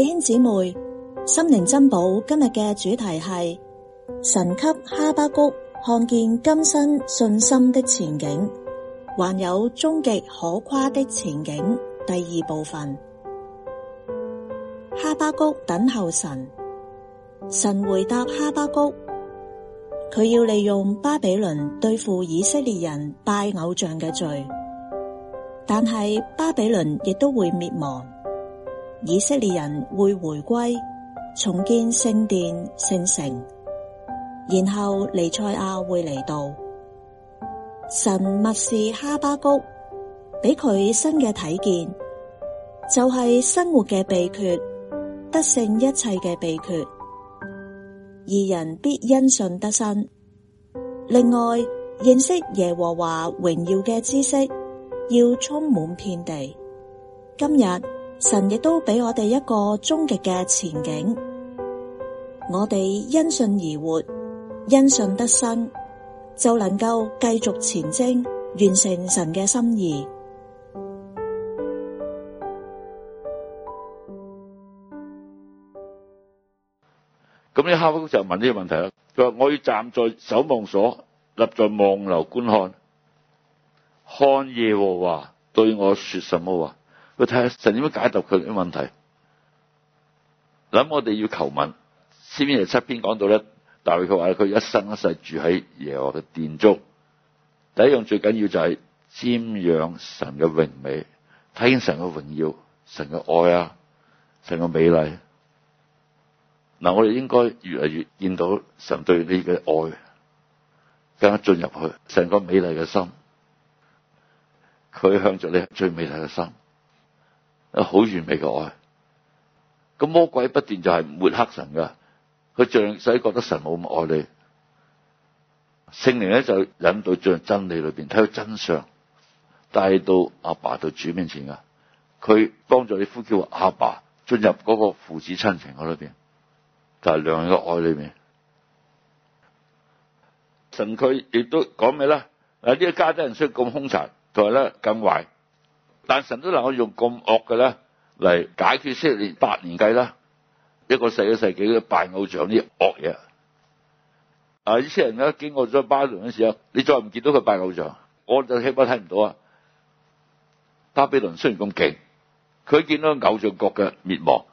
弟兄姊妹，心靈珍寶，今日嘅主題係神給哈巴谷看見今生信心的前景，還有終極可誇的前景。第二部分，哈巴谷等候神，神回答哈巴谷，佢要利用巴比倫對付以色列人拜偶像嘅罪，但係巴比倫亦都會滅亡。以色列人會回歸，重建聖殿聖城，然後彌賽亞會嚟到。神默示哈巴谷，俾佢新嘅睇見，就係、是、生活嘅秘訣，得勝一切嘅秘訣。義人必因信得生，另外，認識耶和華榮耀嘅知識，要充滿遍地。今日，神亦都俾我哋一個終極嘅前景，我哋因信而活，因信得生，就能夠繼續前征，完成神嘅心意。咁啲、嗯、哈巴谷嘅問呢個問題啦，佢話我要站在守望所，立在望樓觀看，看耶和華對我說什麼話。佢睇下神點樣解答佢啲問題，諗我哋要求問，詩篇七篇講到咧，大衛佢話，佢一生一世住喺耶和華嘅殿中，第一樣最緊要就係瞻仰神嘅榮美，睇見神嘅榮耀、神嘅愛啊、神嘅美麗。嗱，我哋應該越嚟越見到神對你嘅愛，更加進入去成個美麗嘅心，佢向著你最美麗嘅心。好完美嘅愛，咁魔鬼不斷就係抹黑神噶，佢讓使覺得神冇咁愛你。聖靈咧就引導進入真理裏邊，睇到真相，帶到阿爸到主面前噶，佢幫助你呼叫阿爸進入嗰個父子親情嗰裏邊，就係、是、良人嘅愛裏面。神佢亦都講咩咧？呢、這個迦勒底人雖然咁凶殘，同埋咧咁壞。但神都能夠用咁惡嘅咧嚟解決，四年八年計啦，一個世一個世紀嘅拜偶像啲惡嘢。啊，以前人家經過咗巴比倫嘅時候，你再唔見到佢拜偶像，我就起碼睇唔到啊。巴比倫雖然咁勁，佢見到偶像國嘅滅亡，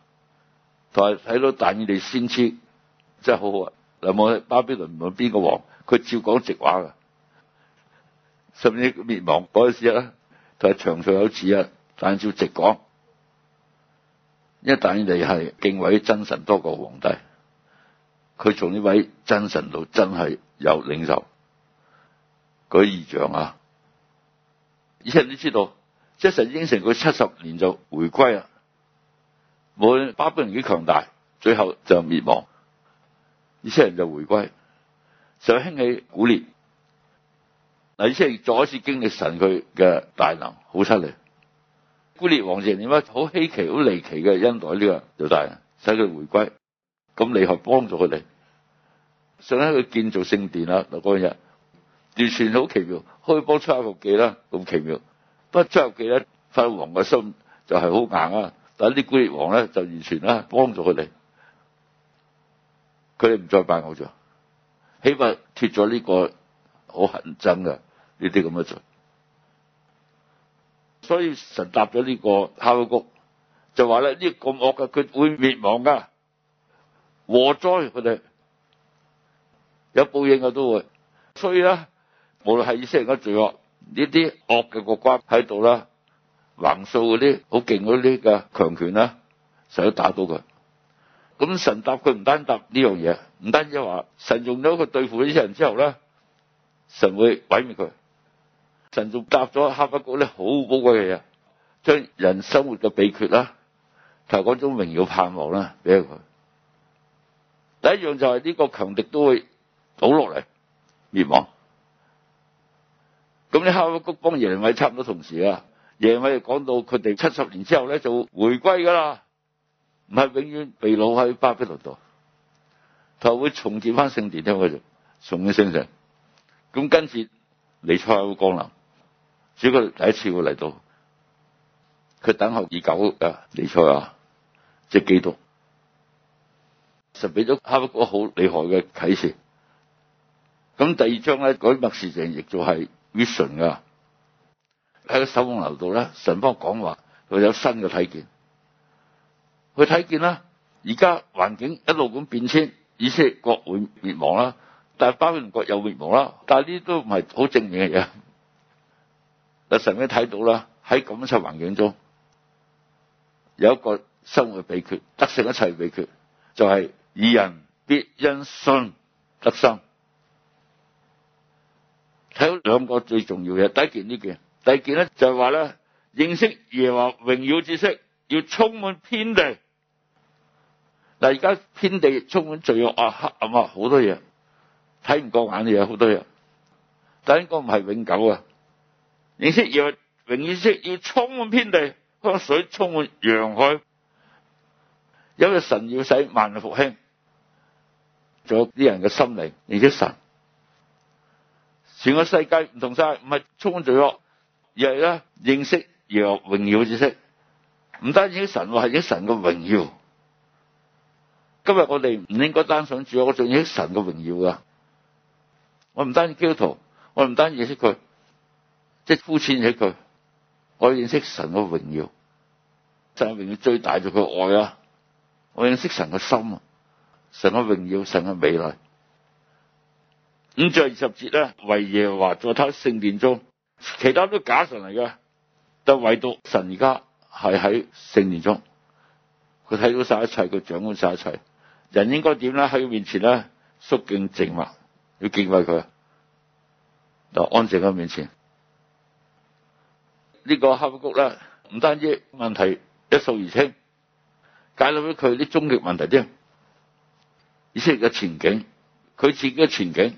同埋睇到但以理先知，真係好好啊。無論巴比倫無論邊個王，佢照講直話噶，甚至滅亡嗰陣時啊。係長有指啊！但照直講，一旦你係敬畏真神多過皇帝，佢從呢位真神度真係有領袖，舉義仗啊！而且你知道，即神應承佢七十年就回歸啊，無論巴比倫幾強大，最後就滅亡，以色列人就回歸，就興起古列。嗱，呢次再一次經歷神佢嘅大能，好犀利。古列王就點解好稀奇，好離奇嘅恩待呢個就大人，使佢回歸。咁你去幫助佢哋，想喺佢建造聖殿啦。嗱，嗰樣完全好奇妙，可以幫出埃及記啦，咁奇妙。不過出埃及記，出埃及咧，法王嘅心就係好硬啊。但係啲古列王咧就完全啦，幫助佢哋。佢哋唔再拜好咗，起碼脫咗呢個。好恨憎噶，呢啲咁嘅罪，所以神答咗呢個哈巴谷，就話咧呢，咁惡嘅佢會滅亡噶，禍災佢哋有報應嘅都會。所以咧，無論係呢啲人嘅罪惡，這些惡的這呢啲惡嘅國君喺度啦，橫掃嗰啲好勁嗰啲嘅強權啦，神都打到佢。咁神答佢唔單答呢樣嘢，唔單止話神用咗佢對付呢啲人之後咧。神會毀滅佢，神仲答咗哈佛局咧好寶貴嘅嘢，將人生活嘅秘訣啦，同埋嗰種榮耀盼，盼望啦俾咗佢。第一樣就係、是、呢、這個強敵都會倒落嚟滅亡。咁呢哈巴谷幫耶利米差唔多同時啊，耶利米講到佢哋七十年之後咧就會回歸噶啦，唔係永遠被擄喺巴比倫度，佢會重建翻聖殿咧佢重建聖城。咁跟住彌賽亞會光臨，只不過第一次會嚟到，佢等候已久嘅彌賽亞啊，即基督，神俾咗哈巴谷好厲害嘅啟示。咁第二章呢，嗰啲默示就亦都係 vision 噶，喺個守望樓度呢，神方講話佢有新嘅睇見，佢睇見啦，而家環境一路咁變遷，以色列國會滅亡啦。但係巴比倫國有滅亡啦，但係呢都唔係好正面嘅嘢。阿神已經睇到啦，喺咁樣嘅環境中，有一個生活的秘訣，得勝一切秘訣，就係、是、以人必因信得生。睇到兩個最重要嘅，第一件呢件，第二件咧就係話咧認識耶和華榮耀知識，要充滿遍地。但而家遍地充滿罪惡啊、黑暗啊、好多嘢。睇唔過眼嘅嘢好多嘢，但應該唔係永久啊！認識耶和華榮耀，知識要充滿遍地，嗰水充滿洋海，因為神要使萬國復興，仲有啲人嘅心靈，你啲神，整個世界唔同晒，唔係充滿罪惡，而係咧認識耶和華榮耀知識，唔單止啲神，係啲神嘅榮耀。今日我哋唔應該單想住主，我仲要認識神嘅榮耀啊。我唔單止基督徒，我唔單止認識佢，即係膚淺認識佢。我認識神嘅榮耀，神嘅榮耀最大就佢愛啊！我認識神嘅心、啊，神嘅榮耀，神嘅美麗。咁再二十節咧，惟耶華在祂聖殿中，其他都假神嚟嘅，都唯獨神而家係喺聖殿中，佢睇到晒一切，佢掌管晒一切。人應該點咧？喺佢面前咧，肅敬靜默。要敬畏佢，就安靜個面前。呢、這個哈巴谷咧，唔單止問題一掃而清，解決咗佢啲終極問題啫。以色列嘅前景，佢自己嘅前景，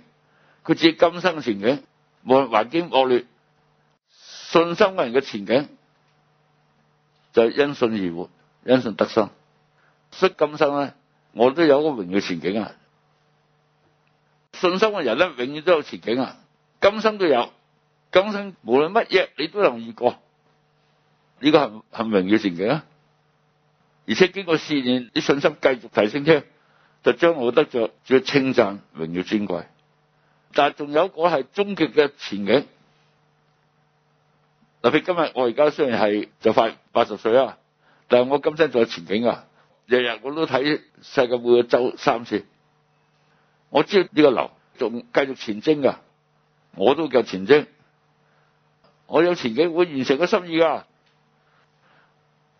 佢自己今生嘅前景，無論環境惡劣，信心嘅人嘅前景就是、因信而活，因信得生。失今生咧，我都有個榮譽前景啊！信心嘅人咧，永遠都有前景啊！今生都有，今生無論乜嘢，你都容易過。呢、這個係榮耀嘅前景啊！而且經過試驗，啲信心繼續提升，添就將我得着，主要稱讚，榮耀尊貴。但係仲有個係終極嘅前景。特別如今日我而家雖然係就快八十歲啊，但係我今生仲有前景啊！日日我都睇世界會嘅周三次。我知道呢個樓仲繼續前進噶我都繼續前進。我有前景會完成個心意噶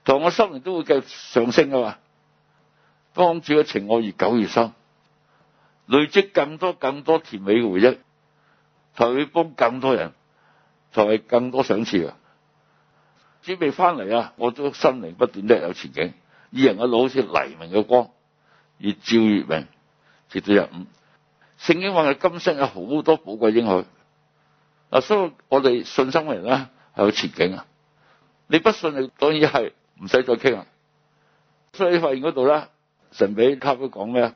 同我心靈都會繼續上升啊嘛。當主嘅情愛越久越深，累積更多更多甜美嘅回憶，才會幫更多人，才係更多賞賜噶。準備翻嚟啊！我都心靈不斷都有前景，義人嘅路好似黎明嘅光，越照越明，直到日午。聖經話，係今生有好多寶貴應許嗱，所以我哋信心嘅人咧，係有前景啊！你不信，你當然係唔使再傾啦。所以發現嗰度咧，神俾塔佢講咩啊？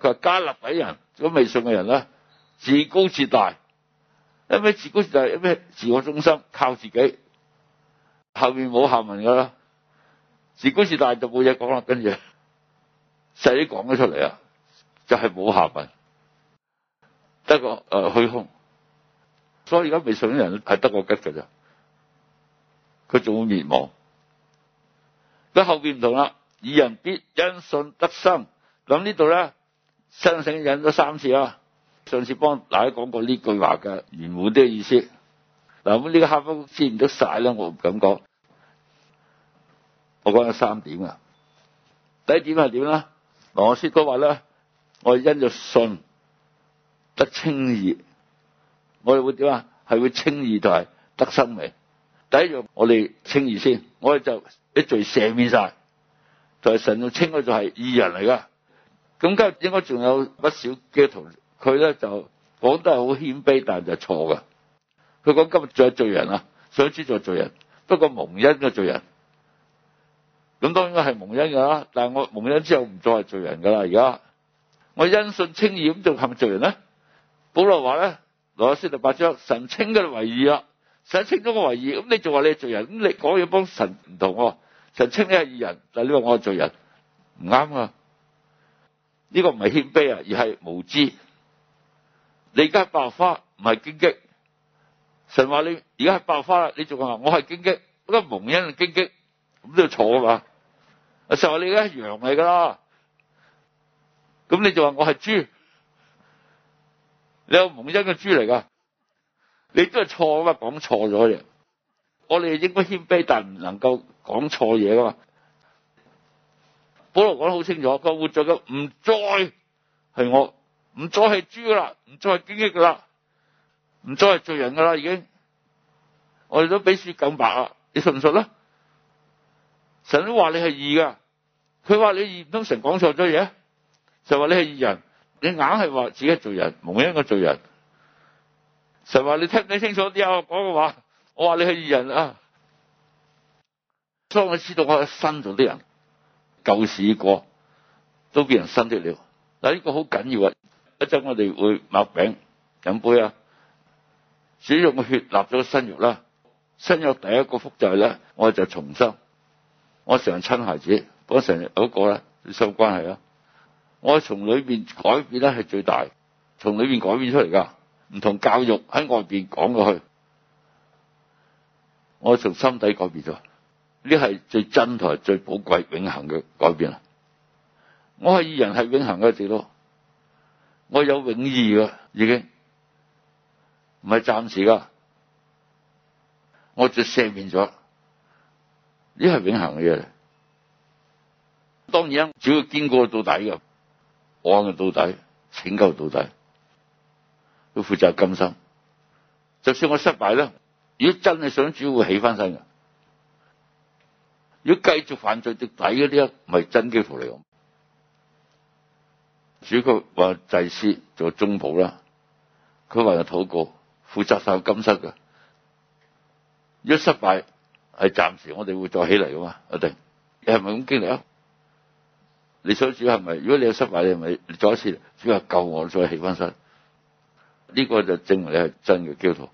佢話迦勒底人，如果未信嘅人咧，自高自大，因咩自高自大，因咩自我中心，靠自己，後面冇下文噶啦。自高自大就冇嘢講啦，跟住，細啲講咗出嚟啊，就係冇下文。得個誒虛空，所以而家未信嘅人係得個吉嘅啫，佢仲會滅亡。咁後邊唔同啦，義人必因信得生。咁呢度咧，新約引咗三次啊，上次幫大家講過呢句話嘅原本啲意思。嗱，咁呢個哈巴谷知唔知晒咧？我唔敢講。我講咗三點啊。第一點係點咧？羅師哥話咧，我因着信。得稱義，我哋會點啊？係會稱義就係得生命。第一樣，我哋稱義先，我哋就啲罪赦免晒。就係神就稱佢就係義人嚟噶咁今日應該仲有不少基督徒佢咧就講得係好謙卑，但係就錯噶佢講今日仲係罪人啊，想知就罪人。不過蒙恩嘅罪人，咁當然我係蒙恩噶啦。但係我蒙恩之後唔再係罪人噶啦。而家我因信稱義，咁仲係咪罪人咧？保羅話咧，羅馬書，就八章，神稱嘅為義啊，神稱咗個為義，咁你仲話你係罪人，咁你講嘢幫神唔同，啊，神稱你係義人，但呢個我係罪人，唔啱啊！呢、這個唔係謙卑啊，而係無知。你而家係百合花唔係荊棘，神話你而家係百合花啦，你仲話我係荊棘，咁蒙恩係荊棘，咁都錯啊嘛！神話你而家係羊嚟噶啦，咁你仲話我係豬？你有蒙恩嘅豬嚟噶，你都係錯噶嘛，講錯咗嘅。我哋應該謙卑，但唔能夠講錯嘢噶嘛。保羅講得好清楚，佢活着嘅唔再係我，唔再係豬啦，唔再係堅毅噶啦，唔再係罪人噶啦，已經。我哋都比雪更白啊！你信唔信啦？神都話你係義噶，佢話你義，唔通神講錯咗嘢，就話你係義人。你硬係話自己罪人，冇一個罪人。神話你聽得清楚啲啊？講嘅話，我話你係義人啊。所以我知道我係新造啲人，舊事過都變成新啲料。嗱，呢個好緊要啊！一陣我哋會擘餅飲杯啊。使要我血立咗個新約啦，新約第一個福就係、是、咧，我就重生。我成親孩子，我成日一個咧，有冇關係啊？我從裏邊改變咧係最大，從裏邊改變出嚟噶，唔同教育喺外邊講過去。我從心底改變咗，呢係最真同埋最寶貴、永恒嘅改變啦。我係人係永恒嘅，最多我有永意噶，已經唔係暫時噶，我就赦免咗。呢係永恒嘅嘢，嚟。當然只要堅過到底噶。我講到底，拯救到底，要負責今生。就算我失敗啦，如果真係想主會起翻身嘅，如果繼續犯罪到底嗰啲，咪、就是、真幾乎嚟講。主角話祭司做中保啦，佢話有禱告負責晒今生嘅。如果失敗係暫時，我哋會再起嚟噶嘛？一定，你係咪咁經歷啊？你想主係咪？如果你有失敗，你係咪？你再一次主話救我，再起翻身，呢、這個就證明你是真嘅基督徒。